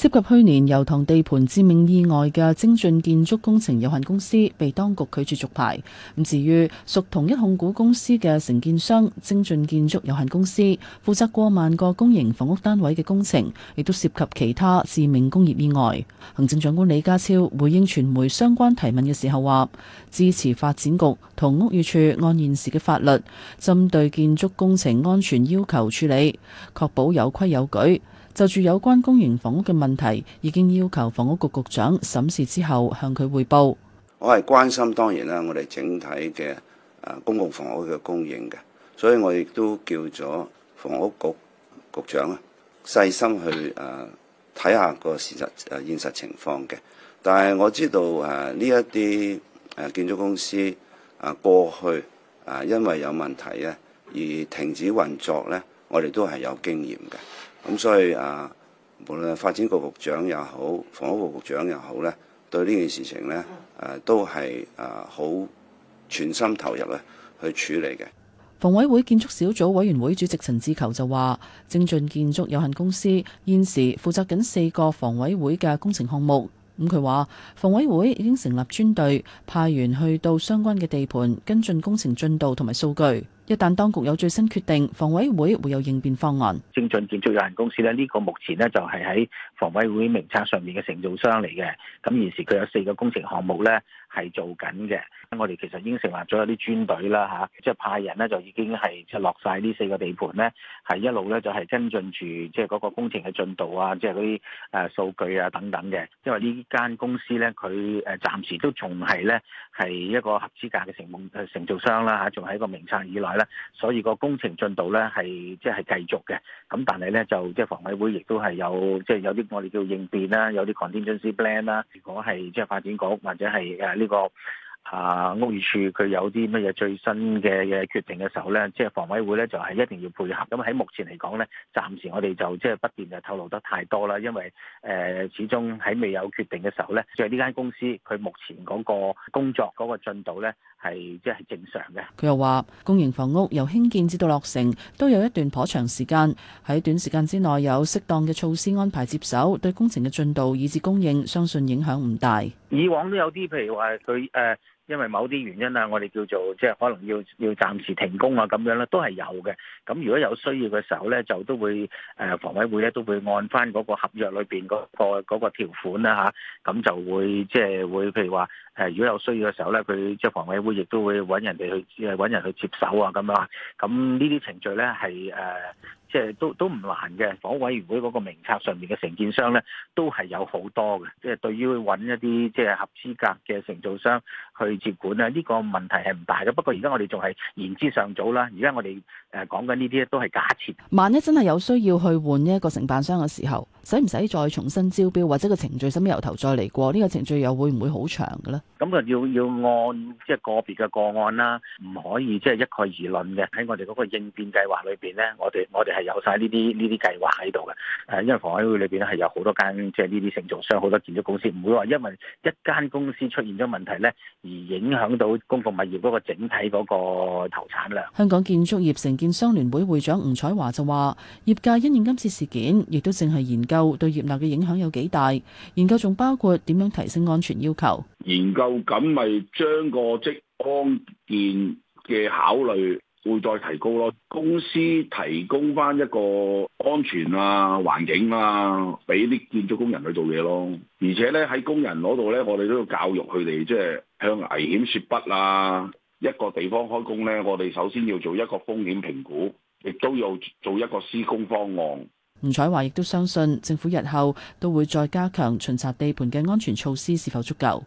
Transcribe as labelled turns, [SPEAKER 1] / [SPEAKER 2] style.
[SPEAKER 1] 涉及去年油塘地盤致命意外嘅精進建築工程有限公司被當局拒絕續牌。咁至於屬同一控股公司嘅承建商精進建築有限公司，負責過萬個公營房屋單位嘅工程，亦都涉及其他致命工業意外。行政長官李家超回應傳媒相關提問嘅時候話：支持發展局同屋宇署按現時嘅法律，針對建築工程安全要求處理，確保有規有矩。就住有關公營房屋嘅問題，已經要求房屋局局長審視之後向佢匯報。我係關
[SPEAKER 2] 心當然啦，我哋整體嘅啊公共房屋嘅供應嘅，所以我亦都叫咗房屋局局長啊細心去啊睇下個事實啊、呃、現實情況嘅。但係我知道誒呢、啊、一啲誒建築公司啊過去啊因為有問題咧而停止運作咧，我哋都係有經驗嘅。咁、嗯、所以啊，無論發展局局長也好，房屋局局長也好咧，對呢件事情呢誒、啊、都係誒好全心投入咧去處理嘅。
[SPEAKER 1] 房委會建築小組委員會主席陳志球就話，精進建築有限公司現時負責緊四個房委會嘅工程項目。咁佢話房委會已經成立專隊派員去到相關嘅地盤跟進工程進度同埋數據。一旦當局有最新決定，房委會會有應變方案。
[SPEAKER 3] 精進建築有限公司咧，呢個目前咧就係喺房委會名冊上面嘅承造商嚟嘅。咁現時佢有四個工程項目咧係做緊嘅。我哋其實已經成立咗一啲專隊啦，嚇，即係派人咧就已經係即係落晒呢四個地盤咧，係一路咧就係跟進住即係嗰個工程嘅進度啊，即係嗰啲誒數據啊等等嘅。因為呢間公司咧，佢誒暫時都仲係咧係一個合資格嘅承蒙承造商啦，嚇，仲係一個名冊以內。所以個工程進度咧係即係繼續嘅，咁但係咧就即係房委會亦都係有即係、就是、有啲我哋叫應變啦，有啲 contingency plan 啦。如果係即係發展局或者係誒呢個。啊，屋宇署佢有啲乜嘢最新嘅嘅決定嘅時候咧，即係房委會咧就係一定要配合。咁喺目前嚟講咧，暫時我哋就即係不便，就透露得太多啦。因為誒始終喺未有決定嘅時候咧，即係呢間公司佢目前嗰個工作嗰個進度咧係即係正常嘅。
[SPEAKER 1] 佢又話公營房屋由興建至到落成都有一段頗長時間，喺短時間之內有適當嘅措施安排接手，對工程嘅進度以至供應相信影響唔大。
[SPEAKER 3] 以往都有啲，譬如話佢誒，因為某啲原因啊，我哋叫做即係可能要要暫時停工啊，咁樣咧都係有嘅。咁如果有需要嘅時候咧，就都會誒，房、呃、委會咧都會按翻嗰個合約裏邊嗰、嗰個嗰、嗰個條款啦吓，咁、啊、就會即係會譬如話誒、呃，如果有需要嘅時候咧，佢即係房委會亦都會揾人哋去誒揾人去接手啊，咁樣。咁呢啲程序咧係誒。即係都都唔難嘅，房屋委員會嗰個名冊上面嘅承建商咧，都係有好多嘅。即係對於去揾一啲即係合資格嘅承造商去接管咧，呢個問題係唔大嘅。不過而家我哋仲係言之尚早啦。而家我哋誒講緊呢啲都係假設，
[SPEAKER 1] 萬一真係有需要去換一個承辦商嘅時候，使唔使再重新招標，或者個程序使唔使由頭再嚟過，呢個程序又會唔會好長嘅
[SPEAKER 3] 咧？咁啊，要要按即係個別嘅個案啦，唔可以即係一概而論嘅。喺我哋嗰個應變計劃裏邊咧，我哋我哋係。有晒呢啲呢啲計劃喺度嘅，誒，因為房委會裏邊咧係有好多間即係呢啲承造商，好多建築公司，唔會話因為一間公司出現咗問題咧，而影響到公共物業嗰個整體嗰個投產量。
[SPEAKER 1] 香港建築業承建商聯會會長吳彩華就話，業界因應今次事件，亦都淨係研究對業內嘅影響有幾大，研究仲包括點樣提升安全要求。
[SPEAKER 2] 研究緊咪將個職安健嘅考慮，會再提高咯，公司
[SPEAKER 3] 提供翻一個安全啊環境啊，俾啲建築工人去做嘢咯。而且咧喺工人嗰度咧，我哋都要教育佢哋，即係向危險說不啊。一個地方開工咧，我哋首先要做一個風險評估，
[SPEAKER 2] 亦都要做一個施工方案。
[SPEAKER 1] 吳彩華亦都相信政府日後都會再加強巡查地盤嘅安全措施是否足夠。